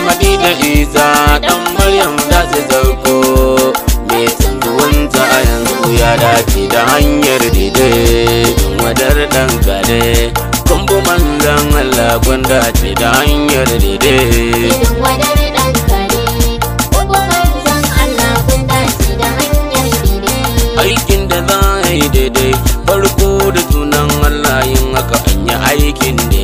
mahadi da isa dan maryam za su zauko me tsanguwanta a yanzu ya dace da hanyar daidai don wadar dan gane kumbu manzan allah gwanda ce da hanyar daidai aikin da za a yi daidai farko da sunan allah yin haka an yi aikin daidai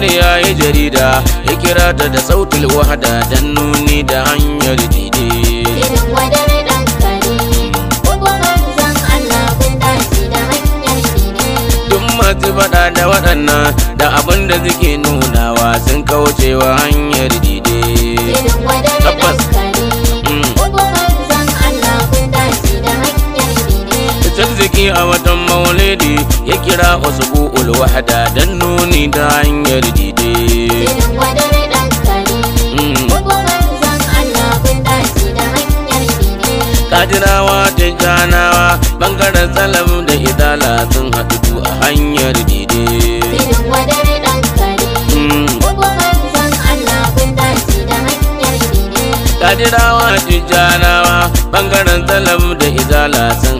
ya yi jarida ya kira ta da sautul wahada dan nuni da hanyar dide masu faɗa da waɗannan da abin da suke nunawa sun kaucewa hanyar dide tabbas ni a watan maulidi ya kira wasu ku'ul wahada don nuni da hanyar dide mm. Kajirawa da janawa bangaren salam da idala sun haɗu a hanyar dide. Kajirawa wadare janawa bangaren salam da idala sun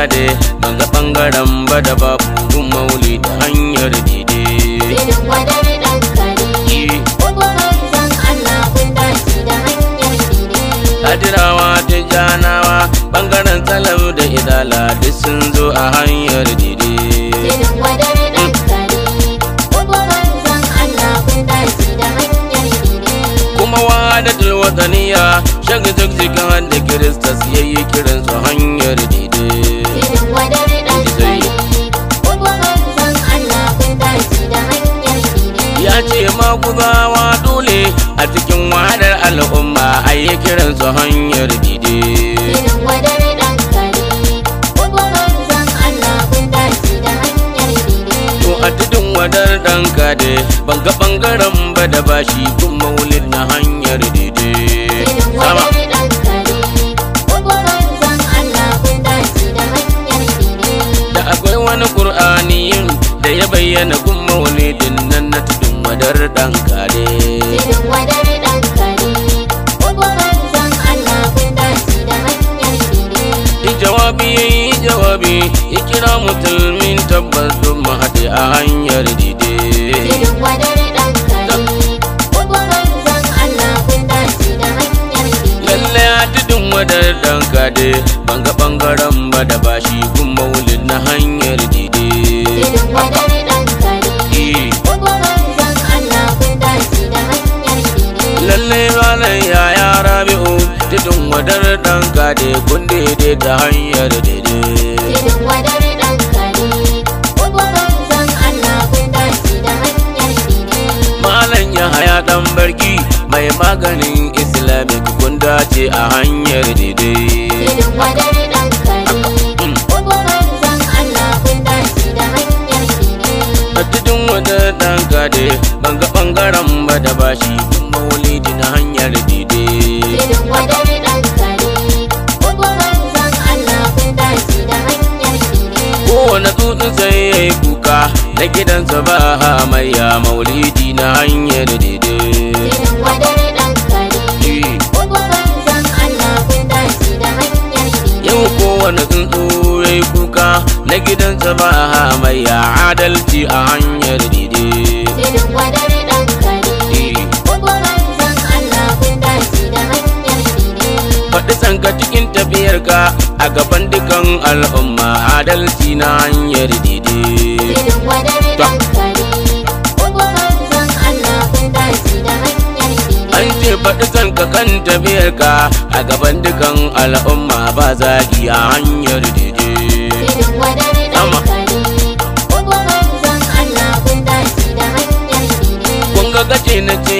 gade ban ga bangaren ba da babu kun mauli ta hanyar dide filin dan ko kun da janawa bangaren salam da idala duk sun zo a hanyar dide Allah kun da hanyar dide kuma wadatul wataniya da kiristas yayi kiran maguzawa dole a cikin wahalar al'umma a yi kiran su hanyar dide a wadar ɗan kade banga ɓangaren ba da bashi kun maulid na hanyar dide sama da akwai wani ƙur'ani da ya bayyana kun maulidin nan na tudu wadar dan kare. Tudun wadar ɗan kare, Allah kun da jawabi yi jawabi, ya kira musulmin tabbas don a hanyar dide. Tudun wadar dan kare, Allah kun Lallai a tudun wadar kare, banga ɓangaren ba da bashi kun wulin na hanyar lalle malam yaya rabi'u tudun wadar dan kade kun daidai ta hanyar daidai tudun wadar dan kade Malam Yahaya dan barki mai maganin Islamic kun dace a hanyar daidai. Tudun wadar dan da dan ban ga ba da bashi cikin hanyar dide wadari ɗan kare zan da hanyar Kowane tsutsu sai ya yi kuka Na gidansa ba hamayya maulidi na hanyar dide wadari zan da hanyar Yau kowane tsuntsu ya yi kuka Na gidansa ba hamayya adalci a hanyar dide kitsan ka cikin tafiyar ka a gaban dukan al'umma adalci na hanyar dide an ce faɗi son ka kan tafiyar ka a gaban dukan al'umma ba zagi a hanyar dide kun ga gace na ce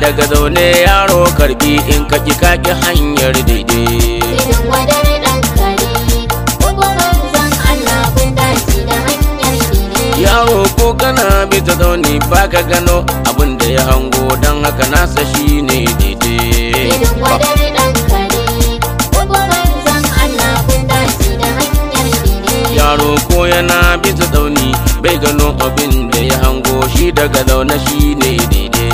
daga zaune yaro karbi in ka ki kaki hanyar daidai yaro ko kana bi ta zaune ba ka gano abin da ya hango don haka nasa shi ne daidai yaro ko yana ta dauni bai gano abin da ya hango shi daga zaune shi ne daidai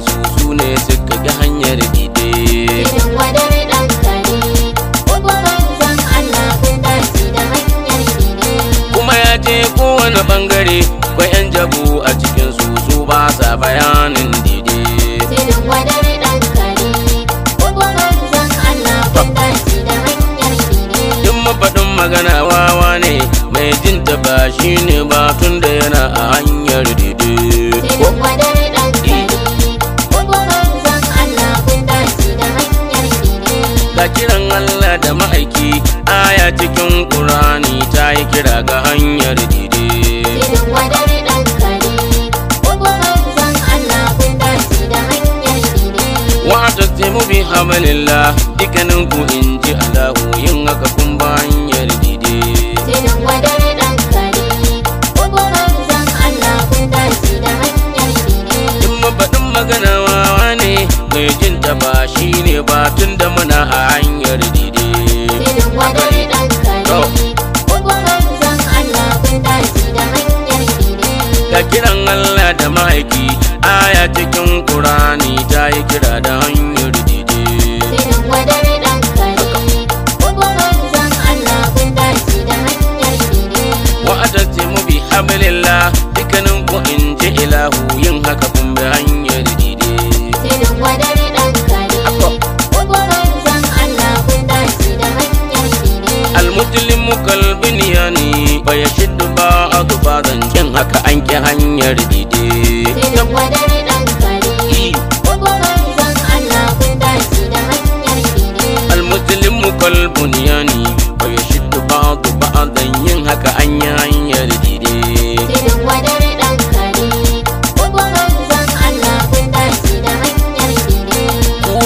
kowane bangare kwa 'yan jabu a cikin su su ba sa bayanin dide faɗin magana wawa ne mai jin ta ba shi ne ba tun da yana a hanyar dide ga kiran Allah da ma'aiki aya cikin ƙurani ta yi kira ga hanyar abalillah dukkanin ku in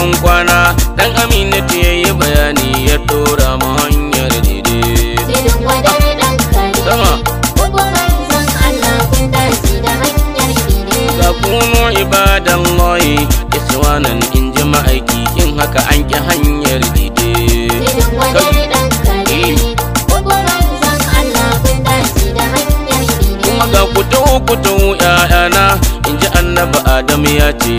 ban kwana dan aminatu ya yi bayani ya dora mu hanyar dide Kuno ibadan loyi, iswanan in ji ma'aiki in haka an ki hanyar dide. Eh. ga kutu kutu ‘ya'yana in ji annaba Adam ya ce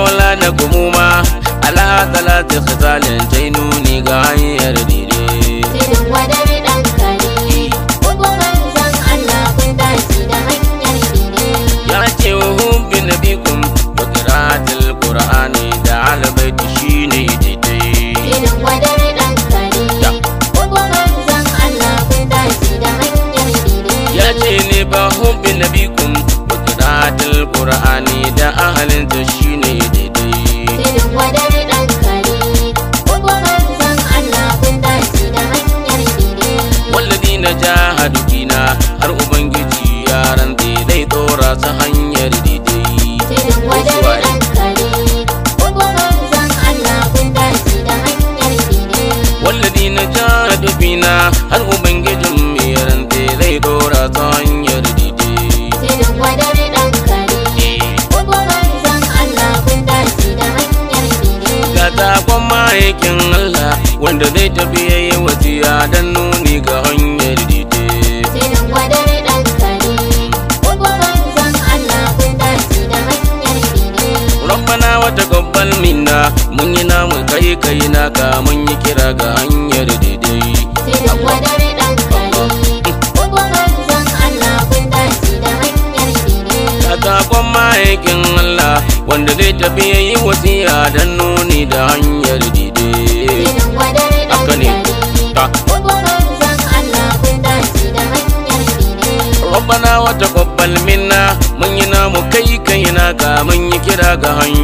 wala na gumuma ala talata khisalin jainuni ga lado la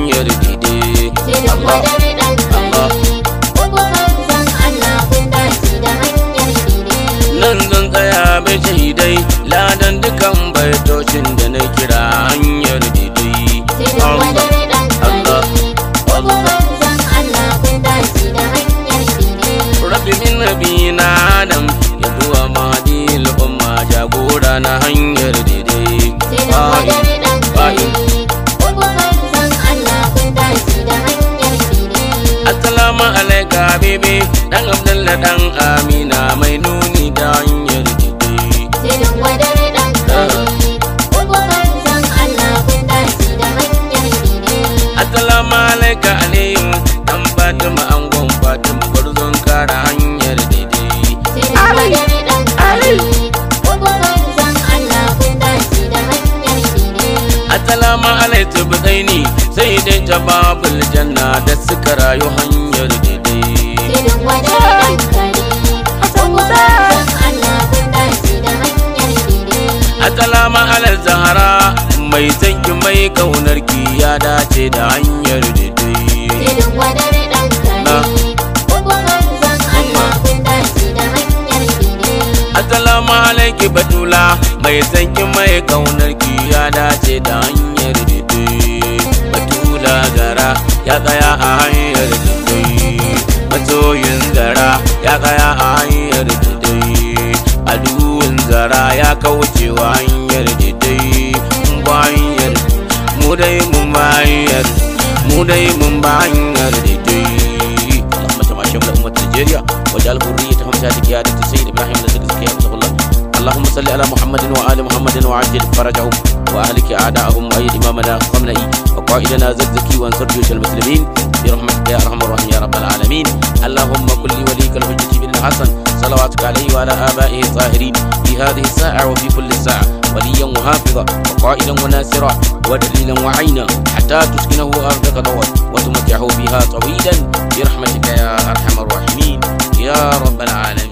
ta babul janna da suka rayu hanyar daidai idan a san da hanyar alal zahara mai zanki mai ki ya dace da hanyar daidai idan wani Assalamu alaiki batula mai zanki mai kaunar ki ya dace da hanyar gara ya tsaya a hanyar jidai matsoyin gara ya tsaya a hanyar jidai aduwin gara ya kauce wa hanyar jidai mun ba hanyar mu dai mun ba hanyar mu dai mun ba hanyar jidai Allahumma tamashin da ummar Najeriya wajal hurriya ta hamsa ta kiyada ta sayyid Ibrahim da suka suke amsa wallahi اللهم صل على محمد وآل محمد وعجل فرجهم وأهلك أعداءهم وأيد إمامنا ومنعي قائدنا الزكي وانصر جيوش المسلمين برحمتك يا ارحم الراحمين يا رب العالمين اللهم كل وليك الحجة بن الحسن صلواتك عليه وعلى آبائه الطاهرين في هذه الساعة وفي كل ساعة وليا وحافظا وقائدا وناصرا ودليلا وعينا حتى تسكنه أرضك طوال وتمتعه بها طويلا برحمتك يا أرحم الراحمين يا رب العالمين